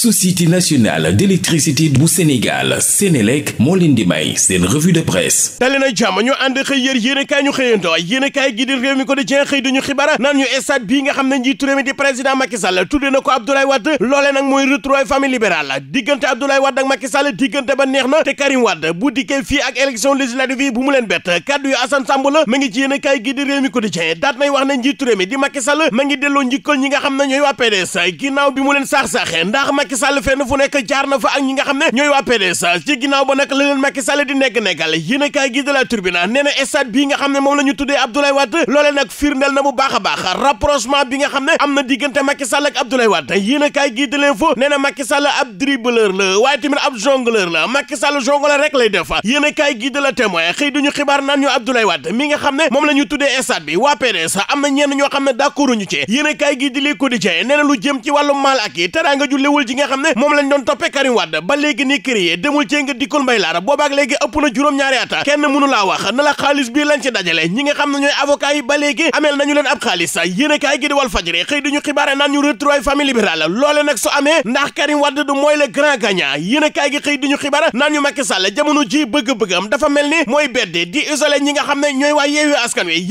société nationale d'électricité bu Sénégal Sénélec moo leen di may seen revue de presse dali na jàmm ñu ànd xëy yér yéen kaay ñu xëyandoo yéen kaay gi di réew mi ko di jeex xëy duñu xibaar naan ñu stade bii nga xam ne njiitu mi di président Macky Sall na ko Abdoulaye Wade loole nag mooy retrouvailles famille libérale diggante Abdoulaye Wade ak Macky diggante ba neex na te Karim Wade bu dikkee fii ak élection législative yi bu mu leen mu leen Macky Sall fenn fu nekk jaar na fa ak ñi nga xam ne ñooy waa PDS ci ginnaaw ba nag la leen Macky Sall di nekk nekkal yéen a kaay gi de la Tribune nee na stade bii nga xam ne moom la ñu tuddee Abdoulaye Wade loolee nag firndeel na bu baax a baax rapprochement bi nga xam ne am na diggante Macky Sall ak Abdoulaye Wade yéen a kaay gi de l'info nee na Macky Sall ab dribbleur la waaye tamit ab jongleur la Macky Sall jongleur rek lay def yéen a kaay gi de la Témoin xëy duñu xibaar naan ñu Abdoulaye Wade mi nga xam ne moom la ñu tuddee stade bi waa PDS am na ñenn ñoo xam ne d'accorduñu ci yéen a kaay gi di Le Quotidien nee na lu jëm ci wàllu maal ak yi teraanga ju lewul ji nga xam ne moom lañ doon toppee Karim Wade ba léegi nii demul cee nga dikkul mbay laara boobaak léegi ëpp na juróom-ñaari kenn mënu wax na xaalis bii lañ ci dajale ñi nga xam ne ñooy avocat ba léegi ameel nañu leen ab xaalis yéen a kaay gi di wal fajri xëy duñu xibaare naan ñu retrouvailles famille libérale loole nag su amee ndax Karim Wade du mooy le grand gagnant yéen a gi xëy duñu ñu Macky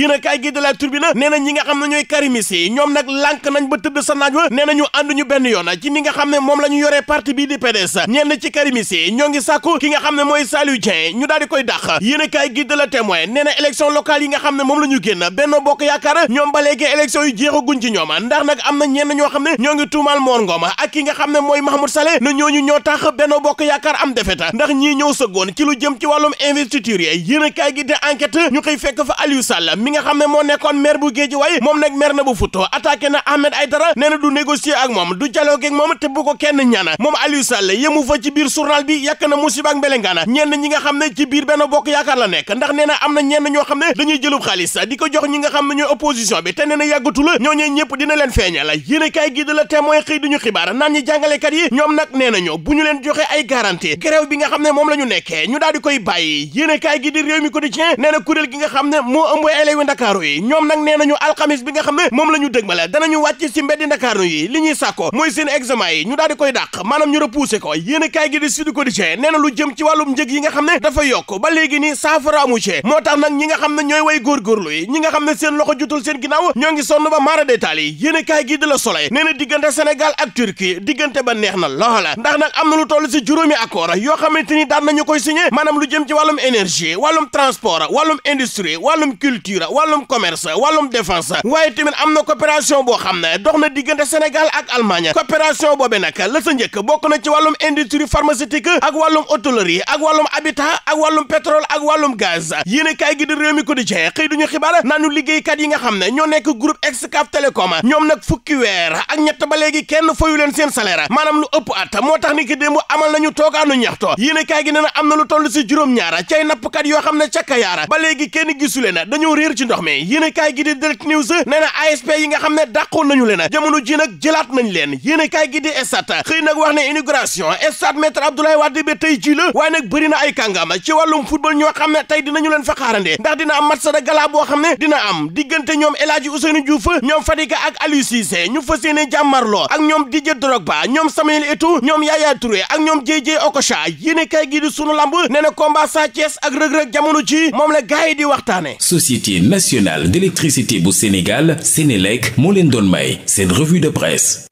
a kaay gi de la turbine nee na ñi sa naaj wa nee na ñu ànduñu moom la ñu yoree parti bii di PDS ñenn ci karimis yi ñoo ngi sàkku ki nga xam ne mooy Saliou Dieng ñu daal di koy dàq yéen a kaay gi de la témoin nee na élection yi nga xam ne moom la ñu génn Benno Bokk Yaakaar ñoom ba léegi élection yu jeexaguñ ci ñoom ndax nag am na ñenn ñoo xam ne ñoo ngi tuumaal Mor Ngom ak ki nga xam ne mooy Mahmoud Saleh na ñooñu ñoo tax Benno Bokk Yaakaar am defeta ndax ñii ñëw sëggoon ci lu jëm ci wàllum investiture yi yéen a kaay gi de enquête ñu koy fekk fa Aliou Sall mi nga xam ne moo nekkoon maire bu Guédiawaye moom nag maire na bu futo attaqué na Ahmed Aïdara nee ak moom du dialogue kenn ñaana moom Aliou Sall yemu fa ci biir journal bi yàkk na musiba ak mbelengaana ñenn ñi nga xam ne ci biir benn bokk yaakaar la nekk ndax nee na am na ñenn ñoo xam ne dañuy jëlub xaalis di ko jox ñi nga xam ne ñooy opposition bi te nee na yàggatu la ñooñee ñëpp dina leen feeñal yéene kaay gi de la témoin xëy duñu xibaar naan ñi jàngalekat yi ñoom nag nee nañu bu ñu leen joxe ay garantie grève bi nga xam ne moom la ñu nekke ñu daal di koy bàyyi yéene kaay gi di réew mi quotidien kuréel gi nga xam ne moo ëmb élèves ndakaaru yi nag nee nañu alxamis bi xam ne moom la ñu dëgmale danañu wàcc ci mbeddi ndakaaru yi li ñuy sàkko mooy seen examen yi ñu koy dàq maanaam ñu repousser ko yéen a kaay gi di Sud Quotidien na lu jëm ci wàllum njëg yi nga xam ne dafa yokk ba léegi ni saafara amu ci moo tax nag ñi nga xam ne ñooy way góorgóorlu yi ñi nga xam ne seen loxo jutul seen ginnaaw ñoo ngi sonn ba maara détaal yi yéen a kaay gi di la Soleil nee na diggante Sénégal ak Turquie diggante ba neex na loola ndax nag am na lu toll si juróomi accord yoo xamante ni daan nañu koy signé maanaam lu jëm ci wàllum énergie wàllum transport wàllum industrie wàllum culture wàllum commerce wàllum défense waaye tamit am na coopération boo xam ne dox na diggante Sénégal ak Allemagne coopération boobe nag la sa bokk na ci wàllum industrie pharmaceutique ak wàllum hôtellerie ak wàllum abita ak wàllum pétrole ak wàllum gaz yéen kaay gi di réew mi ko di cee xëy duñu xibaar naanu liggéeykat yi nga xam ne ñoo nekk groupe Excaf Télécom ñoom nag fukki weer ak ñett ba léegi kenn fayu leen seen salaire maanaam lu ëpp at moo tax ni ki démb amal nañu toogaanu ñaxto yéen kaay gi nee na am na lu toll si juróom-ñaara cay nappkat yoo xam ne ca Kayaar ba léegi kenn gisule na dañoo ci ndox mi yéen kaay gi di Direct News nee na ASP yi nga xam ne dàqoon nañu leen jamono ji nag jëlaat nañ leen yéen gi di xëy nag wax ne inauguration stade maître Abdoulaye Wade ba tey ji la waaye nag bëri na ay kàngam ci wàllum football ñoo xam ne tey dinañu leen fa xaarande ndax dina am match de gala boo xam ne dina am diggante ñoom El Hadji Ousseynou Diouf ñoom Fadiga ak Aliou Cissé ñu fas yéene jàmmarloo ak ñoom Didier Drogba ñoom Samuel Eto'o ñoom Yaya ak ñoom Jay-Jay Okocha yéene kay gi di sunu lamb nee na combat Sa Thiès ak rëg-rëg jamono ci moom la gaay yi di waxtaane Société nationale d'électricité bu Sénégal Sénélec moo leen doon may seen revue de presse